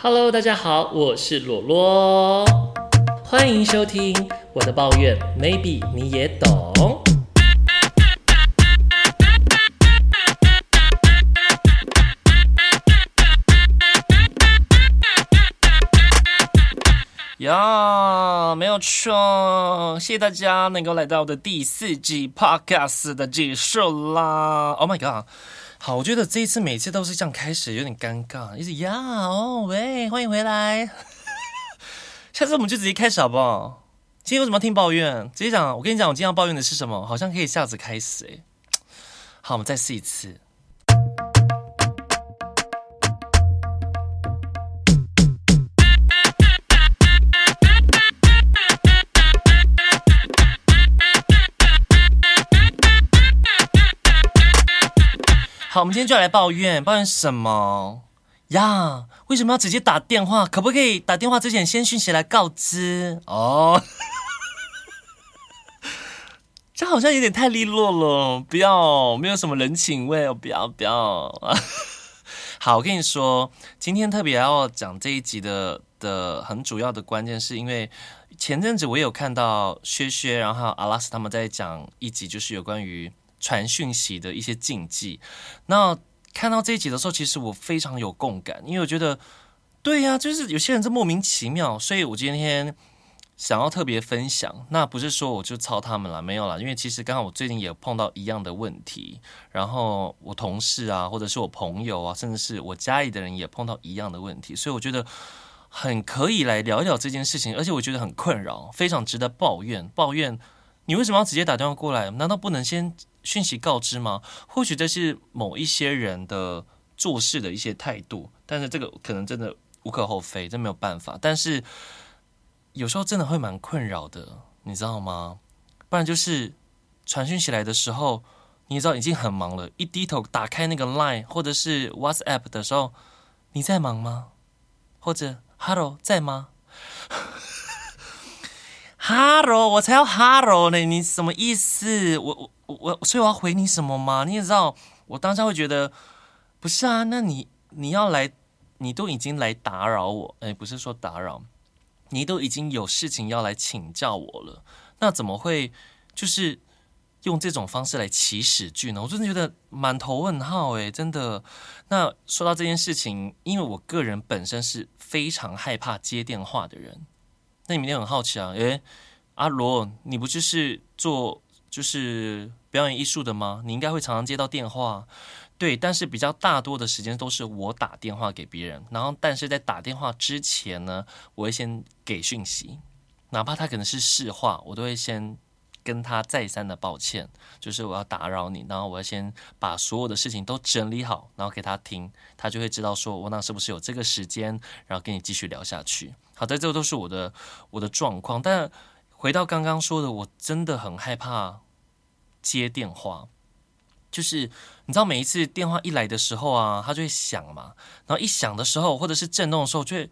Hello，大家好，我是羅羅，歡迎收聽我的抱怨，Maybe 你也懂。呀，yeah，沒有錯，謝謝大家能夠來到我的第四集 Podcast 的結束啦，Oh my god。好，我覺得這一次每次都是這樣開始，有點尷尬。一直呀，哦喂，歡迎回來。 下次我們就直接開始好不好？今天為什麼要聽抱怨？直接講，我跟你講，我今天要抱怨的是什麼？好像可以下次開始誒。好，我們再試一次。好，我們今天就要來抱怨，抱怨什麼呀？Yeah, 為什麼要直接打電話？可不可以打電話之前先訊息來告知？哦、oh. 這好像有點太利落了，不要，沒有什麼人情味哦，不要，不要。 好，我跟你說，今天特別要講這一集的的很主要的關鍵，是因為前陣子我有看到薛薛，然後還有阿拉斯他們在講一集，就是有關於。傳訊息的一些禁忌。那看到這一集的時候，其實我非常有共感，因為我覺得，對呀，就是有些人這莫名其妙。所以我今天想要特別分享。那不是說我就抄他們了，沒有了，因為其實剛好我最近也碰到一樣的問題，然後我同事啊，或者是我朋友啊，甚至是我家裡的人也碰到一樣的問題。所以我覺得很可以來聊一聊這件事情，而且我覺得很困擾，非常值得抱怨，抱怨。你為什麼要直接打電話過來？難道不能先訊息告知嗎？或許這是某一些人的做事的一些態度，但是這個可能真的無可厚非，真沒有辦法。但是有時候真的會蠻困擾的，你知道嗎？不然就是傳訊起來的時候，你知道已經很忙了，一低頭打開那個 Line 或者是 WhatsApp 的時候，你在忙嗎？或者 Hello 在嗎？哈嘍，我才要哈嘍呢！你什麼意思？我我我所以我要回你什麼嗎？你也知道，我當下會覺得不是啊。那你你要來，你都已經來打擾我，哎、欸，不是說打擾，你都已經有事情要來請教我了，那怎麼會就是用這種方式來起始句呢？我真的覺得滿頭問號誒、欸，真的。那說到這件事情，因為我個人本身是非常害怕接電話的人。那你明天很好奇啊，哎，阿羅，你不就是做就是表演藝術的嗎？你應該會常常接到電話，對，但是比較大多的時間都是我打電話給別人，然後但是在打電話之前呢，我會先給訊息，哪怕他可能是私話，我都會先。跟他再三的抱歉，就是我要打擾你，然後我要先把所有的事情都整理好，然後給他聽，他就會知道說，我、哦、那是不是有這個時間，然後跟你繼續聊下去。好，在這都是我的我的狀況。但回到剛剛說的，我真的很害怕接電話，就是你知道每一次電話一來的時候啊，他就會響嘛，然後一響的時候或者是震動的時候，就會。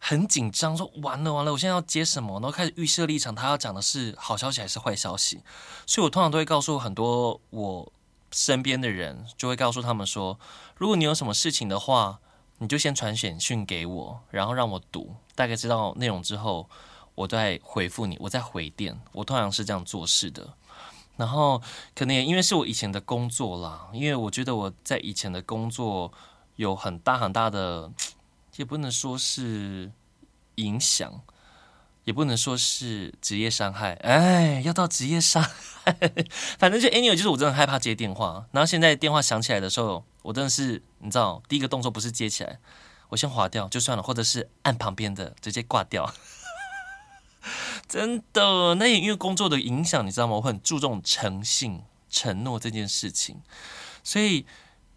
很緊張，說，完了完了，我現在要接什麼？然後開始預設立場，他要講的是好消息還是壞消息？所以我通常都會告訴很多我身邊的人，就會告訴他們說，如果你有什麼事情的話，你就先傳簡訊給我，然後讓我讀，大概知道內容之後，我再回覆你，我再回電。我通常是這樣做事的。然後可能也因為是我以前的工作啦，因為我覺得我在以前的工作有很大很大的。也不能說是影響，也不能說是職業傷害。哎，要到職業傷害，反正就 anyway，欸，就是我真的很害怕接電話。然後現在電話響起來的時候，我真的是你知道，第一個動作不是接起來，我先劃掉就算了，或者是按旁邊的直接掛掉。真的，那也因為工作的影響，你知道嗎？我很注重誠信、承諾這件事情，所以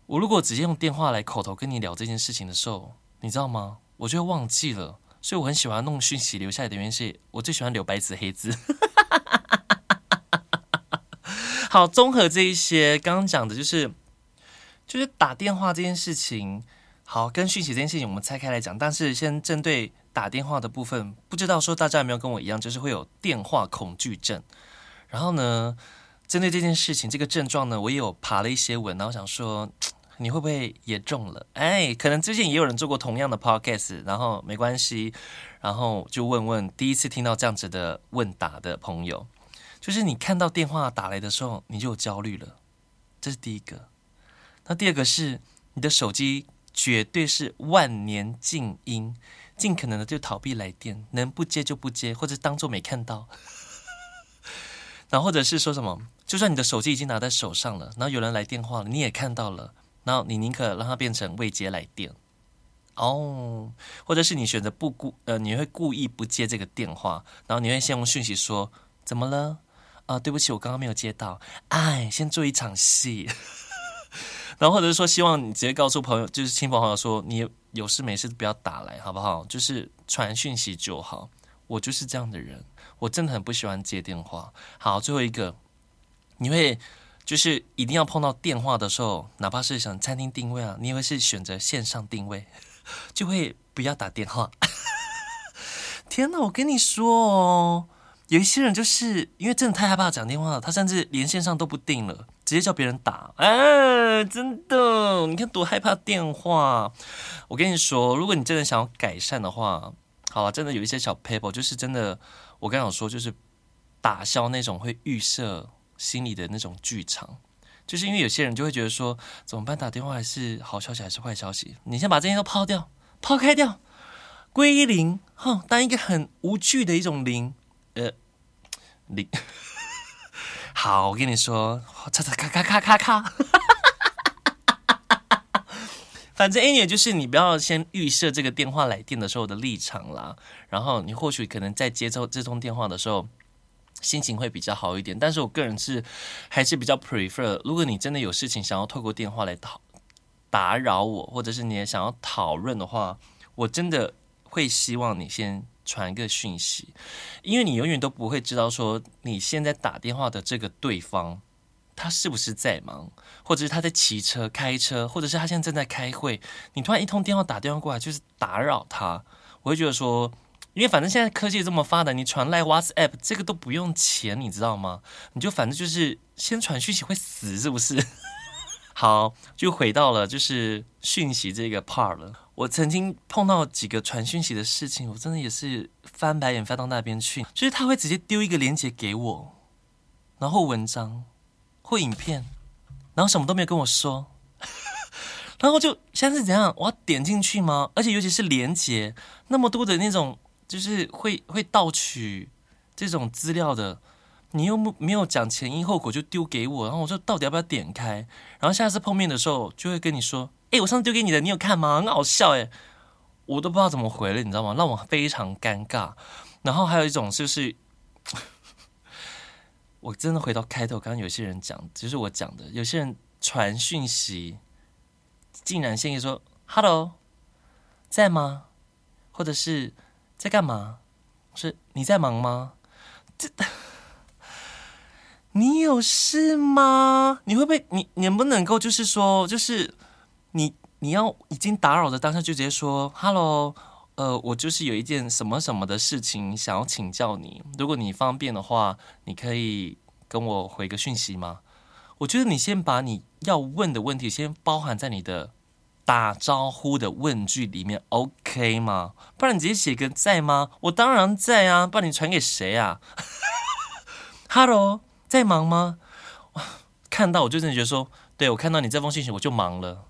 我如果直接用電話來口頭跟你聊這件事情的時候。你知道嗎？我就忘記了，所以我很喜歡弄訊息留下來的原因是我最喜歡留白紙黑字。 好，綜合這一些剛剛講的，就是就是打電話這件事情，好，跟訊息這件事情，我們拆開來講。但是先針對打電話的部分，不知道說大家有沒有跟我一樣，就是會有電話恐懼症。然後呢，針對這件事情這個症狀呢，我也有爬了一些文，然後想說。你會不會也中了？哎，可能之前也有人做過同樣的 podcast，然後沒關係，然後就問問第一次聽到這樣子的問答的朋友，就是你看到電話打來的時候，你就有焦慮了，這是第一個。那第二個是你的手機絕對是萬年靜音，儘可能的就逃避來電，能不接就不接，或者當作沒看到。 然後或者是說什麼，就算你的手機已經拿在手上了，然後有人來電話，你也看到了。然後你寧可讓他變成未接來電，哦、oh，或者是你選擇不顧呃，你會故意不接這個電話，然後你會先用訊息說怎麼了啊？對不起，我剛剛沒有接到，哎，先做一場戲。 然後或者是說希望你直接告訴朋友，就是親朋好友說你有事沒事不要打來好不好？就是傳訊息就好。我就是這樣的人，我真的很不喜歡接電話。好，最後一個你會。就是一定要碰到電話的時候，哪怕是想餐廳定位啊，你也會是選擇線上定位，就會不要打電話。 天吶，我跟你說哦，有一些人就是因為真的太害怕講電話了，他甚至連線上都不定了，直接叫別人打。哎、啊，真的，你看多害怕電話！我跟你說，如果你真的想要改善的話，好、啊，真的有一些小 paper，就是真的，我剛剛說就是打消那種會預設。心裡的那種劇場，就是因為有些人就會覺得說怎麼辦？打電話還是好消息還是壞消息？你先把這些都拋掉、拋開掉、歸零，哈、哦，當一個很無趣的一種零，呃，零。 好，我跟你說，咔咔咔咔咔咔咔，反正 anyway 就是你不要先預設這個電話來電的時候的立場啦，然後你或許可能在接這這通電話的時候，心情會比較好一點，但是我個人是還是比較 prefer，如果你真的有事情想要透過電話來討打擾我，或者是你也想要討論的話，我真的會希望你先傳一個訊息，因為你永遠都不會知道說你現在打電話的這個對方他是不是在忙，或者是他在騎車、開車，或者是他現在正在開會，你突然一通電話打電話過來，就是打擾他，我會覺得說。因為反正現在科技這麼發達，你傳賴 WhatsApp 這個都不用錢，你知道嗎？你就反正就是先傳訊息會死，是不是？ 好，就回到了就是訊息這個 part 了。我曾經碰到幾個傳訊息的事情，我真的也是翻白眼翻到那邊去。就是他會直接丟一個連結給我，然後文章或影片，然後什麼都沒有跟我說， 然後就現在是怎樣？我要點進去嗎？而且尤其是連結那麼多的那種。就是會會盜取這種資料的，你又沒有講前因後果就丟給我，然後我說到底要不要點開？然後下次碰面的時候就會跟你說：“誒、欸，我上次丟給你的，你有看嗎？很好笑誒，我都不知道怎麼回了，你知道嗎？讓我非常尷尬。”然後還有一種就是， 我真的回到開頭，剛剛有些人講，就是我講的，有些人傳訊息，竟然先說 “hello，在嗎？”或者是。在幹嘛？是你在忙嗎？這，你有事嗎？你會不會你，你能不能夠就是說就是你你要已經打擾的當下就直接說，Hello，呃，我就是有一件什麼什麼的事情想要請教你，如果你方便的話，你可以跟我回個訊息嗎？我覺得你先把你要問的問題先包含在你的。打招呼的問句裡面，OK 嗎？不然你直接寫個在嗎？我當然在啊，不然你傳給誰啊？哈囉， 在忙嗎？看到我就真的覺得說，對，我看到你這封信息我就忙了。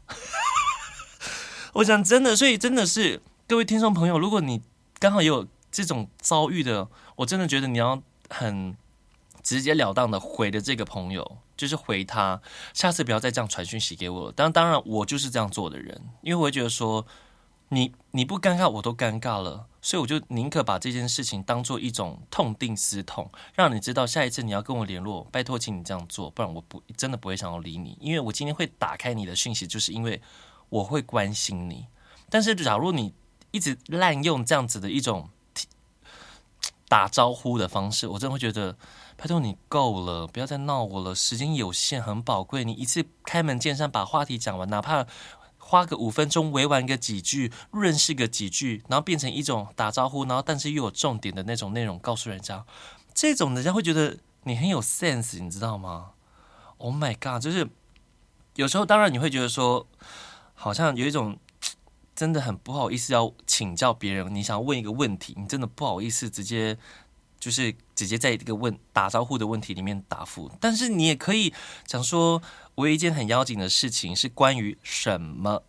我想真的，所以真的是各位聽眾朋友，如果你剛好也有這種遭遇的，我真的覺得你要很直截了當的回的這個朋友。就是回他，下次不要再這樣傳訊息給我了。當當然，我就是這樣做的人，因為我會覺得說，你你不尷尬，我都尷尬了，所以我就寧可把這件事情當做一種痛定思痛，讓你知道下一次你要跟我聯絡，拜託請你這樣做，不然我不，真的不會想要理你，因為我今天會打開你的訊息，就是因為我會關心你。但是，假如你一直濫用這樣子的一種打招呼的方式，我真的會覺得拜托你夠了，不要再鬧我了。時間有限，很寶貴。你一次開門見山，把話題講完，哪怕花個五分鐘，委婉個幾句，潤飾個幾句，然後變成一種打招呼，然後但是又有重點的那種內容，告訴人家，這種人家會覺得你很有 sense，你知道嗎？Oh my god，就是有時候，當然你會覺得說，好像有一種。真的很不好意思，要請教別人。你想問一個問題，你真的不好意思直接，就是直接在這個問打招呼的問題裡面答覆。但是你也可以想說，我有一件很要緊的事情是關於什麼，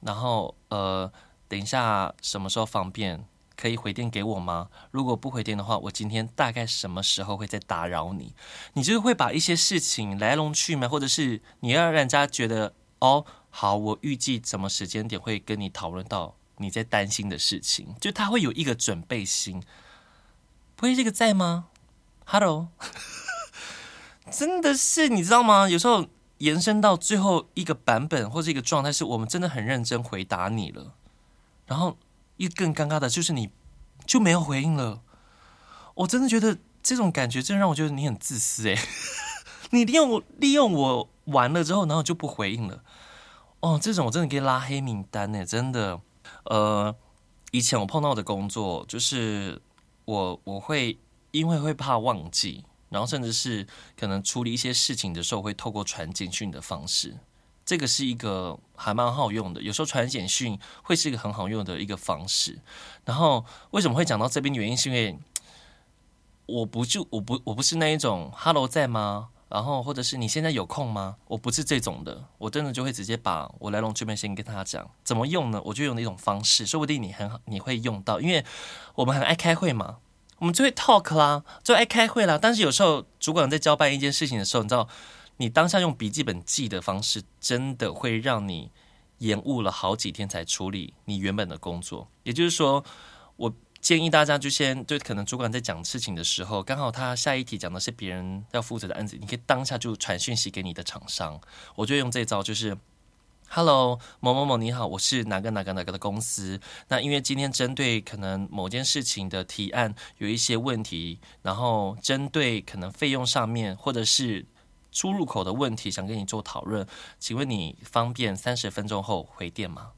然後呃，等一下什麼時候方便可以回電給我嗎？如果不回電的話，我今天大概什麼時候會再打擾你。你就是會把一些事情來龍去脈，或者是你要讓人家覺得哦。好，我預計什麼時間點會跟你討論到你在擔心的事情？就他會有一個準備心。不會這個在嗎？Hello， 真的是你知道嗎？有時候延伸到最後一個版本或這個狀態，是我們真的很認真回答你了。然後，又更尷尬的就是你就沒有回應了。我真的覺得這種感覺，真的讓我覺得你很自私誒、欸。 你利用我利用我完了之後，然後就不回應了。哦，這種我真的可以拉黑名單呢，真的。呃，以前我碰到的工作，就是我我會因為會怕忘記，然後甚至是可能處理一些事情的時候，會透過傳簡訊的方式。這個是一個還蠻好用的，有時候傳簡訊會是一個很好用的一個方式。然後為什麼會講到這邊的原因，是因為我不就我不我不是那一種哈嘍，在嗎？然後，或者是你現在有空嗎？我不是這種的，我真的就會直接把我來龍去脈先跟他講，怎麼用呢？我就用那種方式，說不定你很好，你會用到，因為我們很愛開會嘛，我們就會 talk 啦，就愛開會啦。但是有時候主管在交辦一件事情的時候，你知道，你當下用筆記本記的方式，真的會讓你延誤了好幾天才處理你原本的工作。也就是說，我。建議大家就先對，就可能主管在講事情的時候，剛好他下一題講的是別人要負責的案子，你可以當下就傳訊息給你的廠商。我就用這招，就是 “Hello，某某某，你好，我是哪個哪個哪個的公司。那因為今天針對可能某件事情的提案有一些問題，然後針對可能費用上面或者是出入口的問題，想跟你做討論，請問你方便三十分鐘後回電嗎？”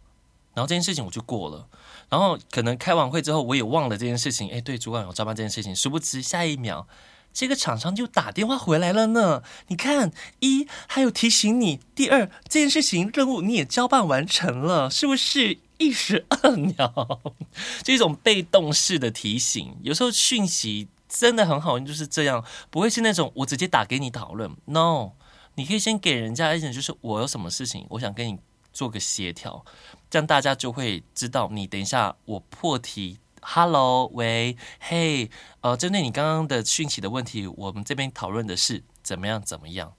然後這件事情我就過了，然後可能開完會之後我也忘了這件事情。哎，對，主管有照辦這件事情，殊不知下一秒這個廠商就打電話回來了呢。你看，一，還有提醒你，第二，這件事情任務你也交辦完成了，是不是一石二鳥？ 就一種被動式的提醒。有時候訊息真的很好用，就是這樣，不會是那種我直接打給你討論。No，你可以先給人家一點，就是我有什麼事情，我想跟你。做個協調，這樣大家就會知道。你等一下，我破題。哈囉，喂，嘿，呃，針對你剛剛的訊息的問題，我們這邊討論的是怎麼樣怎麼樣。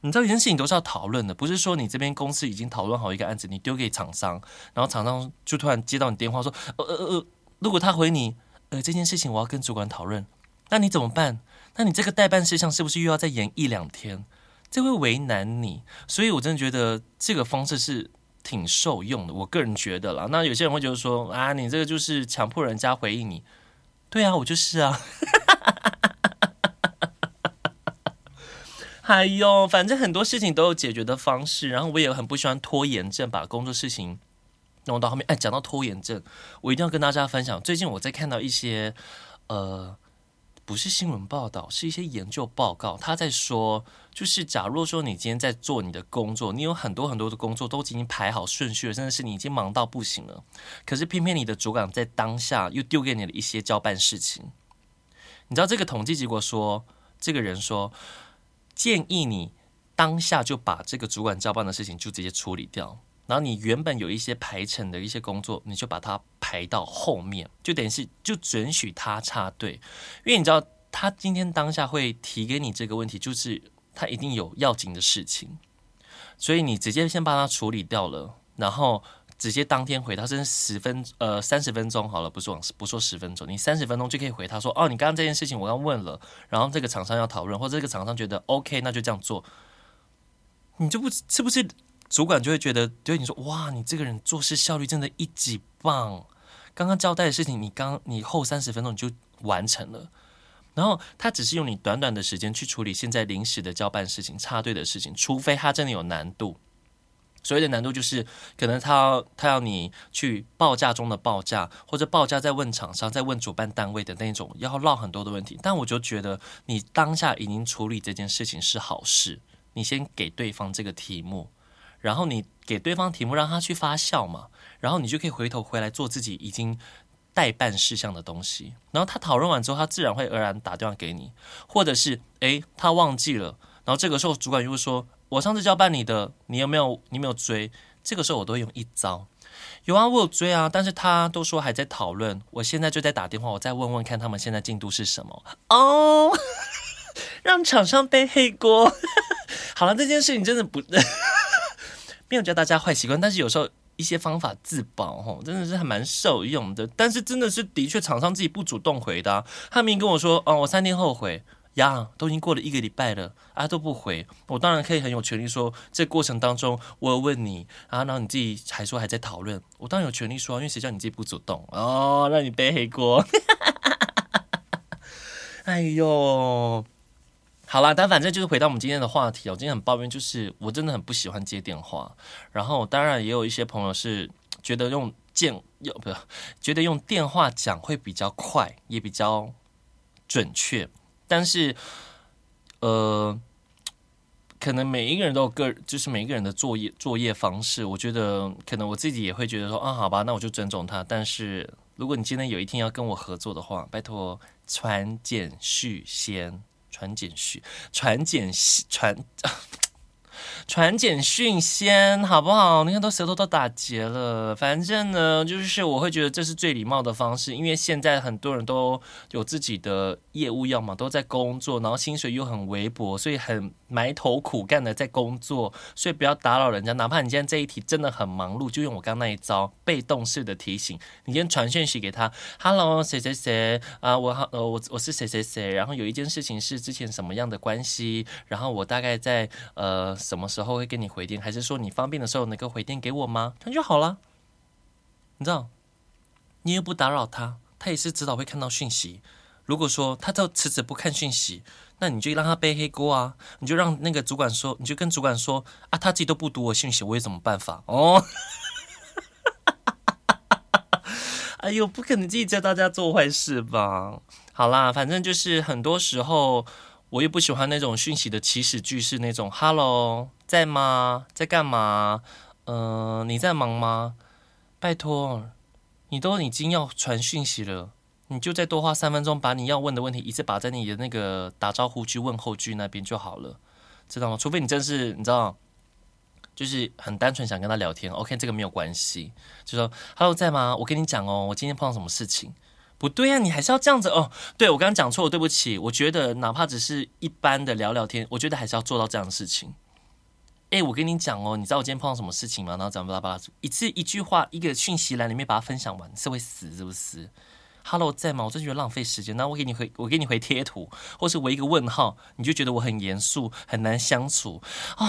你知道，一件事情都是要討論的，不是說你這邊公司已經討論好一個案子，你丟給廠商，然後廠商就突然接到你電話說，呃呃呃，如果他回你，呃，這件事情我要跟主管討論，那你怎麼辦？那你這個代辦事項是不是又要再延一兩天？這會為難你，所以我真的覺得這個方式是挺受用的。我個人覺得啦，那有些人會覺得說啊，你這個就是強迫人家回應你。對啊，我就是啊。哎 呦，反正很多事情都有解決的方式。然後我也很不喜歡拖延症，把工作事情弄到後面。哎，講到拖延症，我一定要跟大家分享。最近我在看到一些，呃。不是新聞報道，是一些研究報告。他在說，就是假如說你今天在做你的工作，你有很多很多的工作都已經排好順序了，真的是你已經忙到不行了。可是偏偏你的主管在當下又丟給你了一些交辦事情。你知道這個統計結果說，這個人說建議你當下就把這個主管交辦的事情就直接處理掉。然後你原本有一些排程的一些工作，你就把它排到後面，就等於是就准許他插隊，因為你知道他今天當下會提給你這個問題，就是他一定有要緊的事情，所以你直接先幫他處理掉了，然後直接當天回他，甚至十分呃三十分鐘好了，不是往不說十分鐘，你三十分鐘就可以回他說哦，你剛剛這件事情我要問了，然後這個廠商要討論，或者這個廠商覺得 OK，那就這樣做，你就不是不是。主管就會覺得對你說：“哇，你這個人做事效率真的一級棒！剛剛交代的事情你，你剛你後三十分鐘你就完成了。然後他只是用你短短的時間去處理現在臨時的交辦事情、插隊的事情，除非他真的有難度。所謂的難度就是可能他他要你去報價中的報價，或者報價在問廠商、在問主辦單位的那種要繞很多的問題。但我就覺得你當下已經處理這件事情是好事，你先給對方這個題目。”然後你給對方題目讓他去發酵嘛，然後你就可以回頭回來做自己已經待辦事項的東西。然後他討論完之後，他自然會偶然打電話給你，或者是哎他忘記了，然後這個時候主管又說：“我上次交辦你的，你有沒有你有沒有追？”這個時候我都會用一招，有啊，我有追啊，但是他都說還在討論，我現在就在打電話，我再問問看他們現在進度是什麼哦，讓廠商背黑鍋。 好了，這件事情真的不。 沒有教大家壞習慣，但是有時候一些方法自保真的是還蠻受用的。但是真的是的確，廠商自己不主動回答、啊。他明明跟我說，哦，我三天後回，呀，都已經過了一個禮拜了，啊，都不回。我當然可以很有權利說，這過程當中，我有問你、啊，然後你自己還說還在討論，我當然有權利說，因為誰叫你自己不主動哦？讓你背黑鍋。 哎呦！好啦，但反正就是回到我們今天的話題。我今天很抱怨，就是我真的很不喜歡接電話。然後當然也有一些朋友是覺得用見要，不是，覺得用電話講會比較快，也比較準確。但是，呃，可能每一個人都有個就是每一個人的作業作業方式。我覺得可能我自己也會覺得說啊，好吧，那我就尊重他。但是如果你今天有一天要跟我合作的話，拜托傳簡訊先。傳簡訊，傳簡訊，傳。 傳簡訊先好不好？你看都舌頭都打結了。反正呢，就是我會覺得這是最禮貌的方式，因為現在很多人都有自己的業務要嘛，都在工作，然後薪水又很微薄，所以很埋頭苦幹的在工作。所以不要打擾人家，哪怕你今天這一題真的很忙碌，就用我剛那一招被動式的提醒。你今天傳訊息給他，Hello，誰誰誰啊，我好呃，我我是誰誰誰，然後有一件事情是之前什麼樣的關係，然後我大概在呃。什麼時候會跟你回電？還是說你方便的時候能夠回電給我嗎？那就好了。你知道，你又不打擾他，他也是知道會看到訊息。如果說他都遲遲不看訊息，那你就讓他背黑鍋啊！你就讓那個主管說，你就跟主管說啊，他自己都不讀我訊息，我有什麼辦法哦？哈哈哈哈哈哈！哎呦，不可能自己教大家做壞事吧？好啦，反正就是很多時候。我又不喜歡那種訊息的起始句式，那種 “hello，在嗎？在幹嘛？嗯、呃，你在忙嗎？拜托，你都已經要傳訊息了，你就再多花三分鐘，把你要問的問題，一直擺在你的那個打招呼去問候句那邊就好了，知道嗎？除非你真是你知道，就是很單純想跟他聊天，OK，這個沒有關係，就說 “hello，在嗎？我跟你講哦，我今天碰到什麼事情。”不對呀、啊，你還是要這樣子哦。對，我剛剛講錯了，對不起。我覺得哪怕只是一般的聊聊天，我覺得還是要做到這樣的事情。哎，我跟你講哦，你知道我今天碰到什麼事情嗎？然後講巴拉巴拉，一次一句話，一個訊息欄裡面把它分享完是會死，是不是？哈嘍，在嗎？我真覺得浪費時間。那我給你回，我給你回貼圖，或是我一個問號，你就覺得我很嚴肅，很難相處。哦，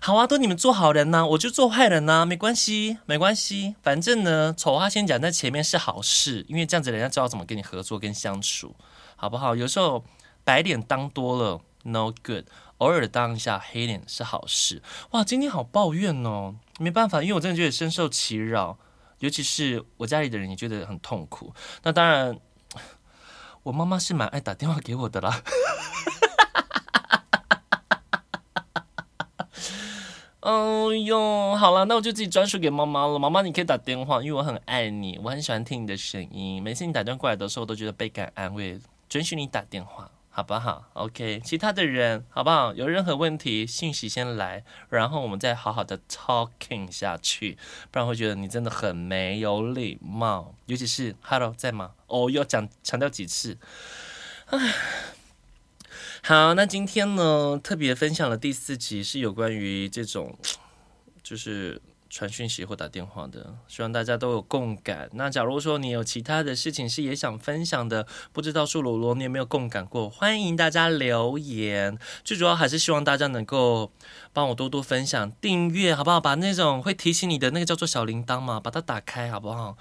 好啊，都你們做好人吶、啊、我就做壞人吶，沒關係，沒關係。反正呢，醜話先講在前面是好事，因為這樣子人家知道怎麼跟你合作跟相處，好不好？有時候白臉當多了，no good。偶爾當一下黑臉是好事。哇，今天好抱怨哦，沒辦法，因為我真的覺得深受其擾。尤其是我家裡的人也覺得很痛苦。那當然，我媽媽是蠻愛打電話給我的啦。哦喲，好了，那我就自己專屬給媽媽了。媽媽，你可以打電話，因為我很愛你，我很喜歡聽你的聲音。每次你打電話過來的時候，我都覺得倍感安慰。准許你打電話。好不好？OK，其他的人好不好？有任何問題，信息先來，然後我們再好好的 talking 下去，不然會覺得你真的很沒有禮貌。尤其是 Hello，在嗎？哦，要講強調幾次？哎，好，那今天呢，特別分享了第四集，是有關於這種，就是。傳訊息或打電話的，希望大家都有共感。那假如說你有其他的事情是也想分享的，不知道說羅羅你有沒有共感過？歡迎大家留言。最主要還是希望大家能夠幫我多多分享、訂閱，好不好？把那種會提醒你的那個叫做小鈴鐺嘛，把它打開，好不好？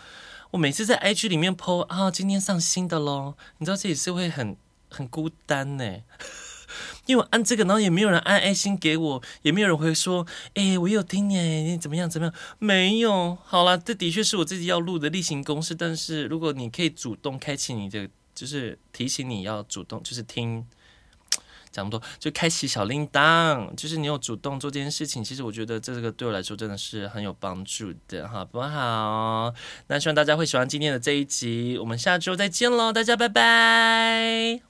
我每次在 IG 裡面 po 啊，今天上新的嘍，你知道這裡是會很很孤單呢、欸。因為我按這個，然後也沒有人按愛心給我，也沒有人會說：“哎、欸，我有聽耶，你怎麼樣？怎麼樣？”沒有。好啦，這的確是我自己要錄的例行公事。但是如果你可以主動開啟你的，就是提醒你要主動，就是聽。講那麼多，就開啟小鈴鐺，就是你有主動做這件事情。其實我覺得這個對我來說真的是很有幫助的，好不好？那希望大家會喜歡今天的這一集。我們下週再見嘍，大家拜拜。